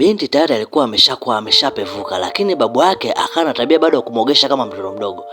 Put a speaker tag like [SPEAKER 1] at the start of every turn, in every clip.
[SPEAKER 1] Binti tayari alikuwa ameshakuwa ameshapevuka, lakini babu yake akana tabia bado ya kumwogesha kama mtoto mdogo,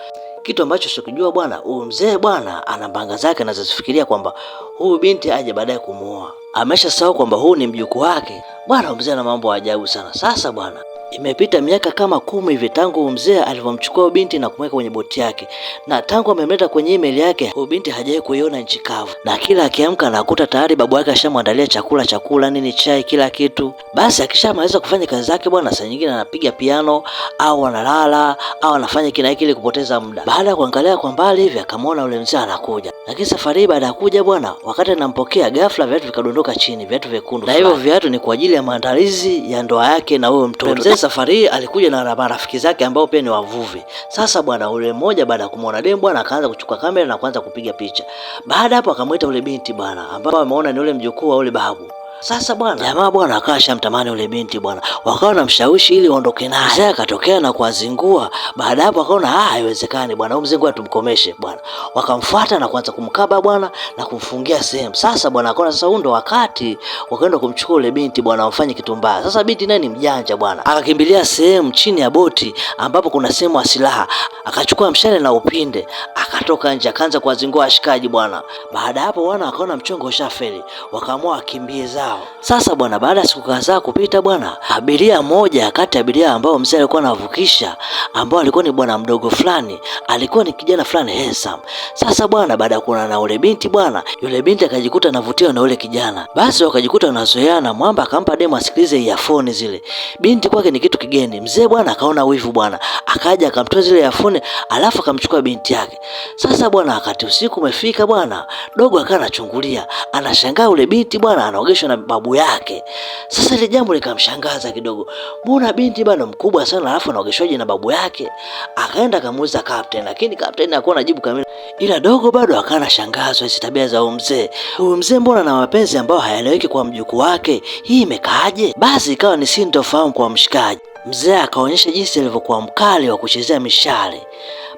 [SPEAKER 1] kitu ambacho sikujua bwana. Huyu mzee bwana ana mbanga zake anazozifikiria kwamba huyu binti aje baadaye kumuoa. Ameshasahau kwamba huu ni mjukuu wake bwana. Mzee ana mambo ajabu sana. Sasa bwana Imepita miaka kama kumi hivi tangu mzee alivyomchukua binti na kumweka kwenye boti yake, na tangu amemleta kwenye email yake, binti hajawahi kuiona nchi kavu, na kila akiamka anakuta tayari babu yake ashamwandalia chakula chakula nini chai kila kitu. Basi akishamaliza kufanya kazi zake bwana, saa nyingine anapiga piano au analala au anafanya kina hiki ili kupoteza muda. Baada ya kuangalia kwa mbali hivi, akamwona yule mzee anakuja, lakini safari hii baada ya kuja bwana, wakati anampokea ghafla viatu vikadondoka chini, viatu vyekundu, na hivyo viatu ni kwa ajili ya maandalizi ya ndoa yake na huyo mtoto safari hii alikuja na marafiki zake ambao pia ni wavuvi. Sasa bwana ule mmoja baada ya kumwona dem bwana akaanza kuchukua kamera na kuanza kupiga picha. Baada hapo akamwita ule binti bwana ambao ameona ni ule mjukuu wa ule babu. Sasa bwana jamaa bwana akawa shamtamani ule binti bwana, wakawa na mshawishi ili waondoke naye. Mzee akatokea na kuwazingua. Baada hapo akaona ah, haiwezekani bwana, huyu mzingua tumkomeshe bwana. Wakamfuata na kuanza kumkaba bwana na kumfungia sehemu. Sasa bwana akaona sasa huo ndo wakati, wakaenda kumchukua ule binti bwana, wamfanye kitu mbaya. Sasa binti naye ni mjanja bwana, akakimbilia sehemu chini ya boti ambapo kuna sehemu ya silaha, akachukua mshale na upinde, akatoka nje, akaanza kuwazingua washikaji bwana. Baada hapo bwana akaona mchongo ushafeli, wakaamua wakimbiza yao. Sasa bwana, baada ya siku kadhaa kupita bwana, abiria moja kati ya abiria ambao mzee alikuwa anavukisha, ambao alikuwa ni bwana mdogo fulani, alikuwa ni kijana fulani handsome. Sasa bwana, baada ya kuona na ule binti bwana, yule binti akajikuta anavutiwa na ule kijana, basi wakajikuta wanazoeana. Mwamba akampa demo asikilize iafoni zile, binti kwake ni kitu kigeni. Mzee bwana akaona wivu bwana, akaja akamtoa zile iafoni, alafu akamchukua binti yake. Sasa bwana, wakati usiku umefika bwana, dogo akawa anachungulia, anashangaa ule binti bwana anaogeshwa na babu yake. Sasa ile jambo likamshangaza kidogo, mbona binti bana mkubwa sana alafu anaogeshwaje na babu yake? Akaenda akamuuliza captain, lakini captain hakuwa anajibu kamili, ila dogo bado akawa anashangazwa hizi tabia za mzee huyu. Mzee mbona na mapenzi ambayo hayaeleweki kwa mjukuu wake, hii imekaaje? Basi ikawa ni sintofahamu kwa mshikaji. Mzee akaonyesha jinsi alivyokuwa mkali wa kuchezea mishale.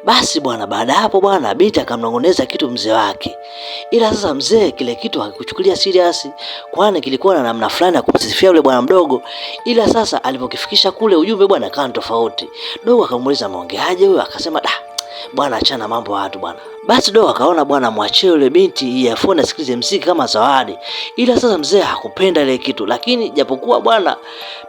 [SPEAKER 1] Basi bwana, baada hapo bwana, binti akamnong'oneza kitu mzee wake, ila sasa mzee kile kitu hakikuchukulia serious, kwani kilikuwa na namna fulani ya kumsifia yule bwana mdogo. Ila sasa alipokifikisha kule ujumbe bwana, kaa tofauti. Dogo akamuuliza maongeaje huyo, akasema da bwana, achana mambo watu bwana. Basi do akaona bwana, mwachie yule binti iafone asikilize mziki kama zawadi, ila sasa mzee hakupenda ile kitu, lakini japokuwa bwana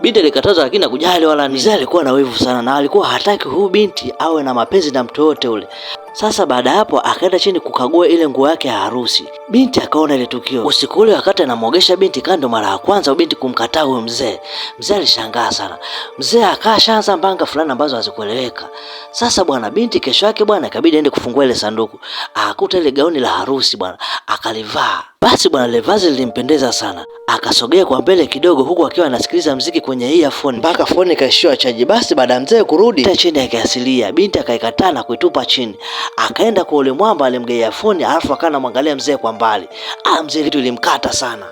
[SPEAKER 1] binti alikataza, lakini akujali wala. Mzee alikuwa na wivu sana na alikuwa hataki huyu binti awe na mapenzi na mtu yote ule. Sasa baada hapo akaenda chini kukagua ile nguo yake ya harusi. Binti akaona ile tukio. Usiku ule wakati anamwogesha binti kando, mara ya kwanza binti kumkataa huyo mzee. Mzee alishangaa sana. Mzee akashaanza mbanga fulani ambazo hazikueleweka. Sasa bwana, binti kesho yake bwana ikabidi aende kufungua ile sanduku. Akakuta ile gauni la harusi bwana, akalivaa. Basi bwana, ile vazi lilimpendeza sana. Akasogea kwa mbele kidogo huku akiwa anasikiliza mziki kwenye earphone mpaka foni ikaishiwa chaji. Basi baada ya mzee kurudi ta chini akaasilia, binti akaikataa na kuitupa chini, akaenda kwa ule mwamba alimgeia foni, alafu akawa anamwangalia mzee kwa mbali. Ah, mzee kitu ilimkata sana.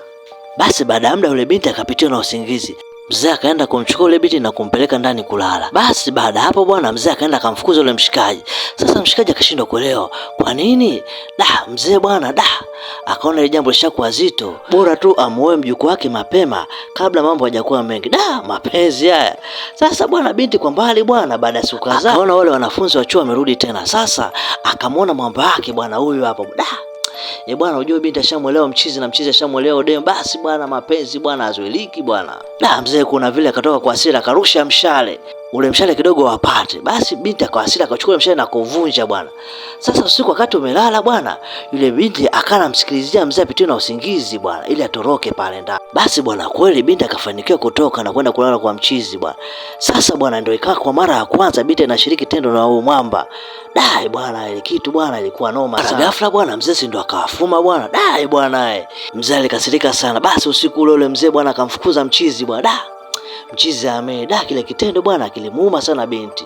[SPEAKER 1] Basi baada ya muda ule binti akapitiwa na usingizi. Mzee akaenda kumchukua ule binti na kumpeleka ndani kulala. Basi baada hapo bwana, mzee akaenda akamfukuza ule mshikaji. Sasa mshikaji akashindwa kuelewa kwa nini da mzee bwana da akaona ile jambo lishakuwa zito, bora tu amuoe mjukuu wake mapema kabla mambo hajakuwa mengi. Da, mapenzi haya sasa. Bwana binti kwa mbali bwana, baada ya siku kadhaa akaona wale wanafunzi wa chuo wamerudi tena. Sasa akamwona mwamba wake bwana, huyu hapo da Eh bwana, unajua binti ashamwelewa mchizi na mchizi ashamwelewa udemu, basi bwana, mapenzi bwana azueliki bwana. Na mzee kuna vile akatoka kwa hasira karusha mshale ule mshale kidogo wapate basi, binti kwa hasira akachukua mshale na kuvunja bwana. Sasa usiku wakati umelala bwana, yule binti akana msikilizia mzee apitiwe na usingizi bwana, ili atoroke pale ndani. Basi bwana, kweli binti akafanikiwa kutoka na kwenda kulala kwa mchizi bwana. Sasa bwana, ndio ikawa kwa mara ya kwanza binti anashiriki tendo na huyo mwamba, dai bwana, ile kitu bwana ilikuwa noma sana. Ghafla bwana mzee si ndo akawafuma bwana, dai bwana, eh. mzee alikasirika sana. Basi usiku ule ule mzee bwana akamfukuza mchizi bwana da Mchizi amedai kile kitendo bwana kilimuuma sana binti.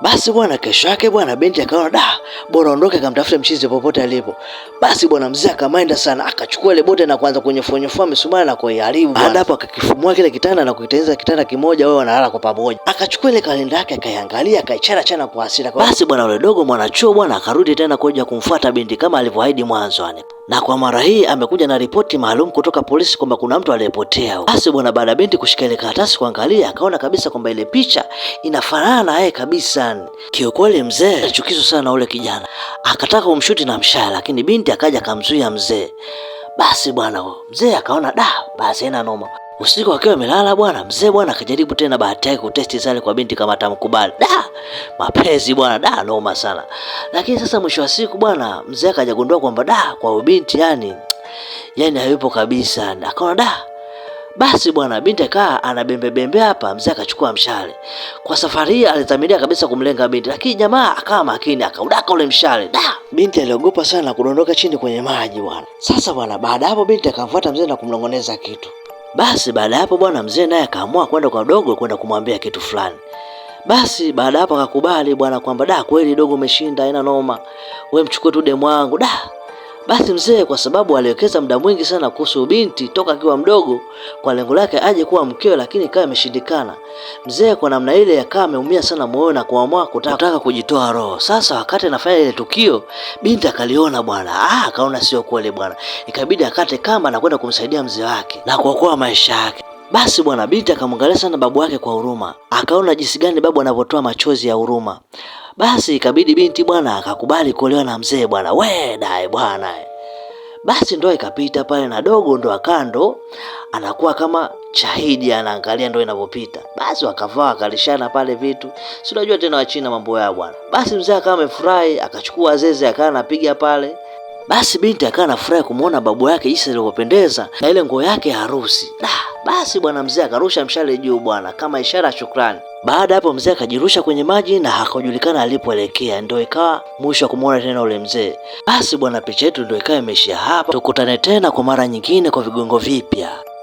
[SPEAKER 1] Basi bwana, kesho yake bwana binti akaona da, bora ondoke, akamtafuta mchizi popote alipo. Basi bwana mzee akamaenda sana, akachukua ile bote na kuanza kunyefonyefua misumari na kuiharibu. Baada hapo akakifumua kile kitanda na kuitengeneza kitanda kimoja, wao wanalala kwa pamoja. Akachukua ile kalenda yake akaiangalia, akaichana chana kwa hasira. Basi bwana ule dogo mwanachuo bwana akarudi tena kuja kumfuata binti kama alivyoahidi mwanzo na kwa mara hii amekuja na ripoti maalum kutoka polisi kwamba kuna mtu aliyepotea. Basi bwana, baada ya binti kushika ile karatasi kuangalia, akaona kabisa kwamba ile picha inafanana na yeye kabisa. Kiukweli mzee alichukizwa sana na ule kijana, akataka kumshuti na mshale, lakini binti akaja akamzuia mzee. Basi bwana, mzee akaona da, basi ina noma. Usiku akiwa amelala bwana, mzee bwana akajaribu tena bahati yake kutesti zale kwa binti kama atamkubali. Da! Mapenzi bwana, da noma sana. Lakini sasa mwisho wa siku bwana, mzee akajagundua kwamba da kwa binti yani yani hayupo kabisa. Akaona da. Basi bwana, binti akaa anabembe bembe hapa, mzee akachukua mshale. Kwa safari hii alizamilia kabisa kumlenga binti, lakini jamaa akawa makini akaudaka ule mshale. Da! Binti aliogopa sana kudondoka chini kwenye maji bwana. Sasa bwana, baada hapo binti akamfuata mzee na kumnongoneza kitu. Basi baada ya hapo bwana mzee naye akaamua kwenda kwa dogo kwenda kumwambia kitu fulani. Basi baada hapo akakubali bwana kwamba da, kweli dogo, umeshinda, ina noma, we mchukue tu demu wangu da basi mzee kwa sababu aliwekeza muda mwingi sana kuhusu binti toka akiwa mdogo kwa lengo lake aje kuwa mkewe, lakini ikawa imeshindikana. Mzee kwa namna ile akawa ameumia sana moyo na kuamua kutaka, kutaka kujitoa roho. Sasa wakati anafanya ile tukio, binti akaliona bwana, ah, akaona sio kweli bwana, ikabidi akate kamba na kwenda kumsaidia mzee wake na kuokoa maisha yake. Basi bwana, binti akamwangalia sana babu wake kwa huruma, akaona jinsi gani babu anavyotoa machozi ya huruma. Basi ikabidi binti bwana akakubali kuolewa na mzee bwana, we dai bwana. Basi ndoa ikapita pale na dogo ndo akando anakuwa kama shahidi anaangalia ndoa inavyopita. Basi wakavaa wakalishana pale vitu, si unajua tena Wachina mambo yao bwana. Basi mzee akawa amefurahi, akachukua zeze akawa anapiga pale basi binti akawa anafurahi kumuona babu yake jinsi alivyopendeza na ile nguo yake harusi nah. Basi bwana mzee akarusha mshale juu bwana, kama ishara ya shukrani. Baada hapo mzee akajirusha kwenye maji na hakujulikana alipoelekea, ndio ikawa mwisho wa kumwona tena ule mzee. Basi bwana, picha yetu ndio ikawa imeishia hapa. Tukutane tena kwa mara nyingine kwa vigongo vipya.